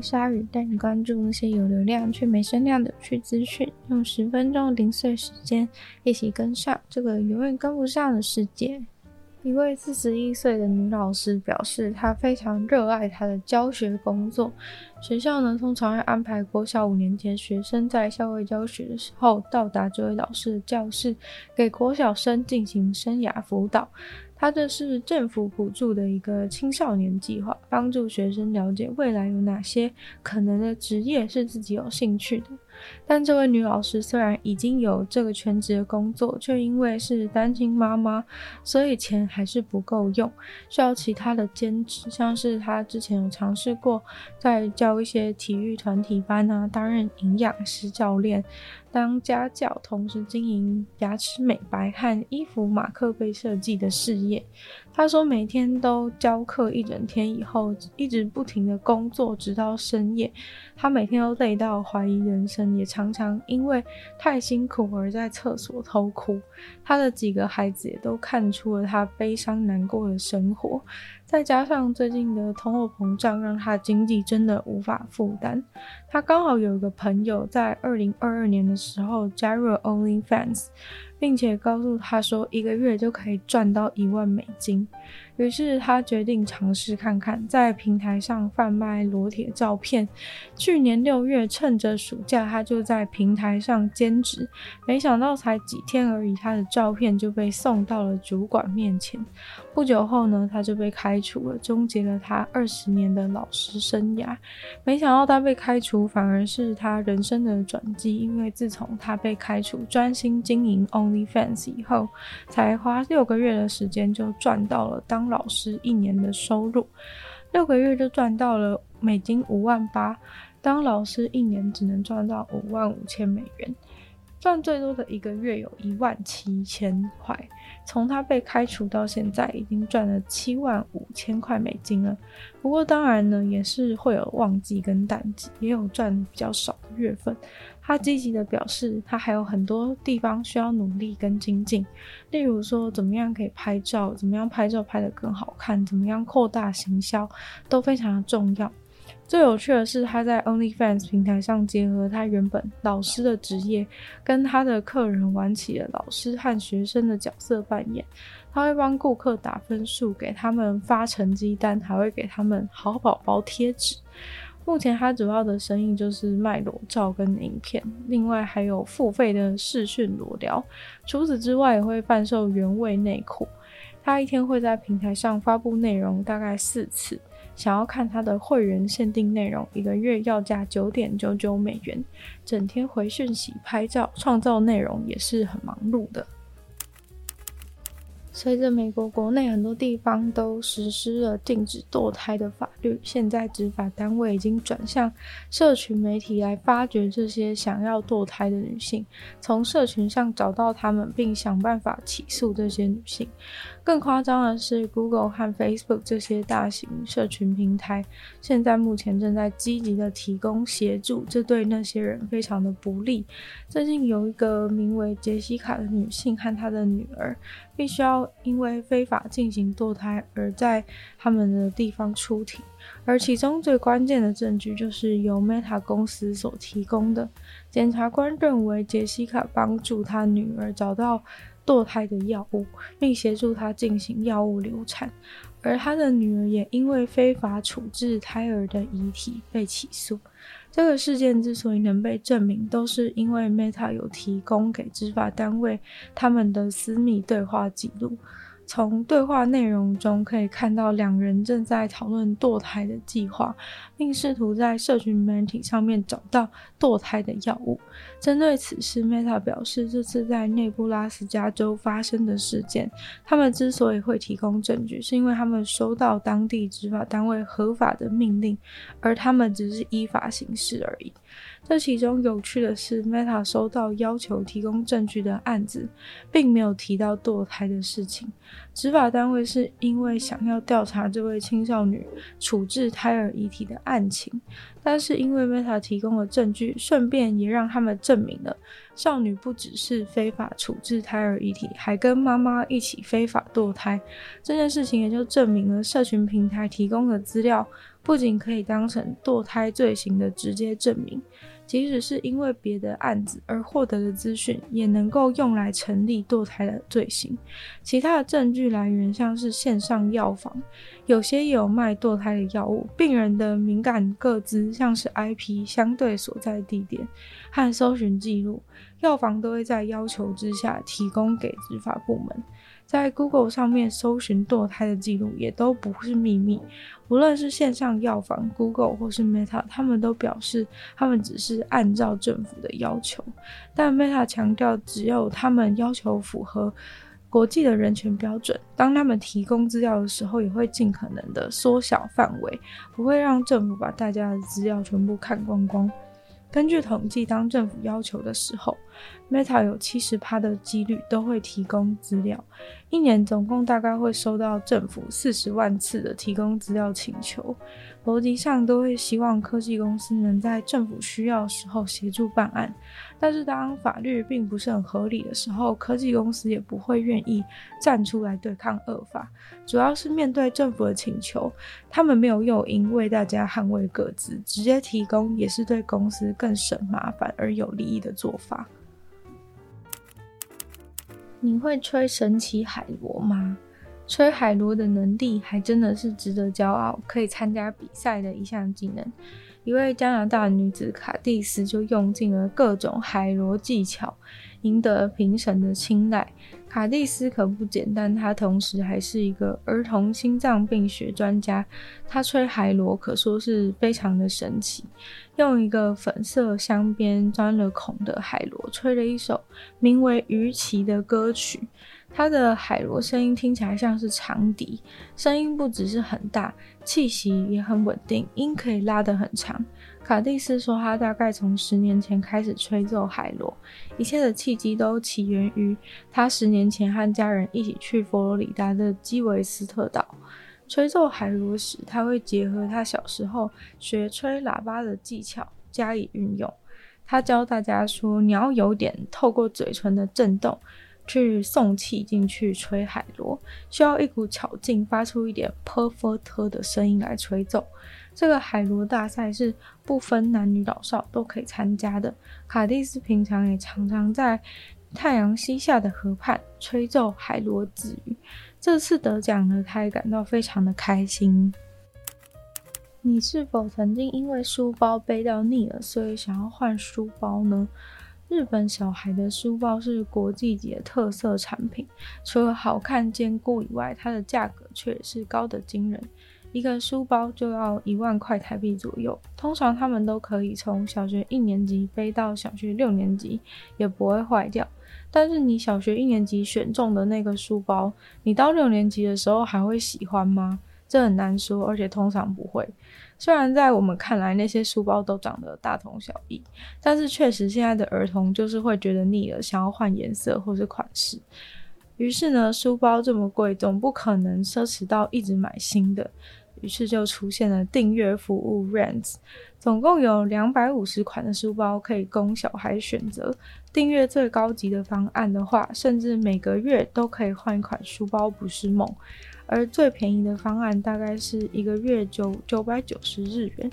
鯊魚帶你關注那些有流量卻沒聲量的趣資訊，用十分鐘零碎時間，一起跟上這個永遠跟不上的世界。一位四十一歲的女老師表示，她非常熱愛她的教學工作。學校呢，通常會安排國小五年級學生在校外教學的時候到達這位老師的教室，給國小生進行生涯輔導。她這是政府補助的一個青少年計劃，幫助學生了解未來有哪些可能的職業是自己有興趣的。但這位女老師雖然已經有這個全職的工作，卻因為是單親媽媽，所以錢還是不夠用，需要其他的兼職。像是她之前有嘗試過，在教一些體育團體班啊，擔任營養師教練，當家教，同時經營牙齒美白和衣服馬克杯設計的事業。他說，每天都教課一整天，以後一直不停地工作，直到深夜。他每天都累到懷疑人生，也常常因為太辛苦而在廁所偷哭。他的幾個孩子也都看出了他悲傷難過的生活，再加上最近的通貨膨脹，讓他經濟真的無法負擔。他剛好有一個朋友在二零二二年的時候加入 OnlyFans。並且告訴他說，一個月就可以賺到一萬美金。於是他決定嘗試看看，在平台上販賣裸體照片。去年六月，趁着暑假，他就在平台上兼職。沒想到才幾天而已，他的照片就被送到了主管面前。不久後呢，他就被開除了，終結了他二十年的老師生涯。沒想到他被開除，反而是他人生的轉機。因為自從他被開除，專心經營 OnlyFans 以後，才花六個月的時間就賺到了當中。當老師一年的收入，六個月就賺到了美金五萬八。當老師一年只能賺到五萬五千美元，賺最多的一個月有一萬七千塊。從他被開除到現在，已經賺了七萬五千塊美金了。不過當然呢，也是會有旺季跟淡季，也有賺比較少的月份。他積極地表示，他還有很多地方需要努力跟精進，例如說怎麼樣可以拍照，怎麼樣拍照拍得更好看，怎麼樣擴大行銷，都非常的重要。最有趣的是，他在 OnlyFans 平台上結合他原本老師的職業，跟他的客人玩起了老師和學生的角色扮演。他會幫顧客打分數，給他們發成績單，還會給他們好寶寶貼紙。目前他主要的生意就是賣裸照跟影片，另外還有付費的視訊裸聊。除此之外，也會販售原味內褲。他一天會在平台上發布內容大概四次。想要看他的會員限定內容，一個月要價九點九九美元。整天回訊息、拍照、創造內容，也是很忙碌的。隨着美國國內很多地方都實施了禁止墮胎的法律，現在執法單位已經轉向社群媒體來發掘這些想要墮胎的女性，從社群上找到他們，並想辦法起訴這些女性。更誇張的是，Google 和 Facebook 這些大型社群平台，現在目前正在積極的提供協助，這對那些人非常的不利。最近有一個名為傑西卡的女性和她的女兒。必須要因為非法進行墮胎而在他們的地方出庭，而其中最關鍵的證據就是由 Meta 公司所提供的。檢察官認為，傑西卡幫助她女兒找到墮胎的藥物，并協助她進行藥物流產。而他的女兒也因為非法處置胎兒的遺體被起訴。這個事件之所以能被證明，都是因為 Meta 有提供給執法單位他們的私密對話記錄。從對話內容中可以看到，兩人正在討論墮胎的計劃，並試圖在社群媒體上面找到墮胎的藥物。針對此事，Meta 表示這次在內布拉斯加州發生的事件，他們之所以會提供證據，是因為他們收到當地執法單位合法的命令，而他們只是依法行事而已。這其中有趣的是，Meta 收到要求提供證據的案子，並沒有提到墮胎的事情。執法單位是因為想要調查這位青少女處置胎兒遺體的案情，但是因為 Meta 提供了證據，順便也讓他們證明了少女不只是非法處置胎兒遺體，還跟媽媽一起非法墮胎。這件事情也就證明了社群平台提供的資料。不僅可以當成墮胎罪行的直接證明，即使是因為別的案子而獲得的資訊，也能夠用來成立墮胎的罪行。其他的證據來源像是線上藥房，有些也有賣墮胎的藥物，病人的敏感個資，像是 IP 相對所在地點和搜尋記錄，藥房都會在要求之下提供給執法部門。在 Google 上面搜尋墮胎的記錄也都不是秘密。無論是線上藥房 Google 或是 Meta，他們都表示他們只是按照政府的要求。但 Meta 強調，只要他們要求符合國際的人權標準，當他們提供資料的時候，也會盡可能的縮小範圍，不會讓政府把大家的資料全部看光光。根據統計，當政府要求的時候，Meta 有七十趴的幾率都會提供資料，一年總共大概會收到政府四十萬次的提供資料請求。邏輯上都會希望科技公司能在政府需要的時候協助辦案，但是當法律並不是很合理的時候，科技公司也不會願意站出來對抗惡法。主要是面對政府的請求，他們沒有誘因為大家捍衛個資，直接提供也是對公司更省麻煩而有利益的做法。你會吹神奇海螺嗎？吹海螺的能力還真的是值得驕傲，可以參加比賽的一項技能。一位加拿大女子卡蒂斯就用盡了各種海螺技巧，贏得評審的青睞。卡蒂斯可不簡單，她同時還是一個兒童心臟病學專家。她吹海螺可說是非常的神奇，用一個粉色鑲邊鑽了孔的海螺吹了一首名為《魚鰭》的歌曲。他的海螺聲音聽起來像是長笛，聲音不只是很大，氣息也很穩定，音可以拉得很長。卡蒂斯說，他大概從十年前開始吹奏海螺，一切的契機都起源於他十年前和家人一起去佛羅里達的基維斯特島。吹奏海螺時，他會結合他小時候學吹喇叭的技巧加以運用。他教大家說，你要有點透過嘴唇的震動。去送氣進去吹海螺，需要一股巧勁，發出一點 perfect 的聲音來吹奏。這個海螺大賽是不分男女老少都可以參加的。卡蒂斯平常也常常在太陽西下的河畔吹奏海螺自娛。這次得獎了，他也感到非常的開心。你是否曾經因為書包背到膩了，所以想要換書包呢？日本小孩的書包是國際級的特色產品，除了好看堅固以外，它的價格卻也是高得驚人。一個書包就要一萬塊台幣左右，通常他們都可以從小學一年級背到小學六年級，也不會壞掉。但是你小學一年級選中的那個書包，你到六年級的時候還會喜歡嗎？這很難說，而且通常不會。雖然在我們看來那些書包都長得大同小異，但是確實現在的兒童就是會覺得膩了，想要換顏色或是款式。於是呢，書包這麼貴，總不可能奢侈到一直買新的。於是就出現了訂閱服務 Rans，總共有兩百五十款的書包可以供小孩選擇。訂閱最高級的方案的話，甚至每個月都可以換一款書包，不是夢。而最便宜的方案大概是一個月就九百九十日元，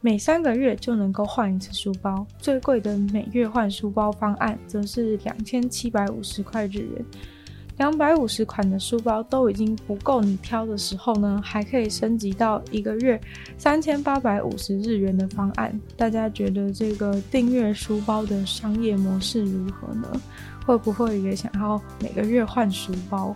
每三個月就能夠換一次書包。最貴的每月換書包方案則是兩千七百五十塊日元。兩百五十款的書包都已經不夠你挑的時候呢，還可以升級到一個月三千八百五十日元的方案。大家覺得這個訂閱書包的商業模式如何呢？會不會也想要每個月換書包？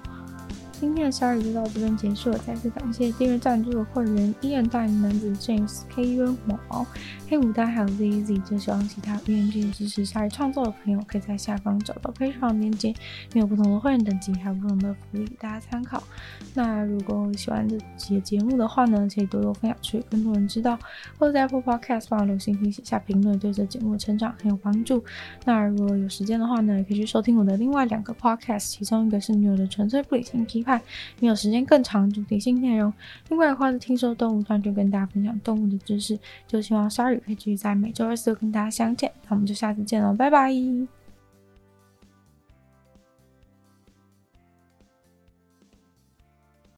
今天的鯊語就到這邊結束了，再次感謝訂閱贊助的會員依然大齡男子 James K 約毛黑五代還有 Z Z。就希望其他願意支持鯊語創作的朋友，可以在下方找到推廣鏈接，有不同的會員等級還有不同的福利，大家參考。那如果喜歡這些節目的話呢，可以多多分享出去，去讓更多人知道。或者在播 Podcast，不流留心以寫下評論，對這節目成長很有幫助。那如果有時間的話呢，也可以去收聽我的另外兩個 Podcast，其中一個是女友的純粹不理性批你有時間更長，主題性內容，另外的話，聽說動物，段就跟大家分享動物的知識，就希望鯊魚可以繼續在每周二四跟大家相見，那我們就下次見嘍，拜拜。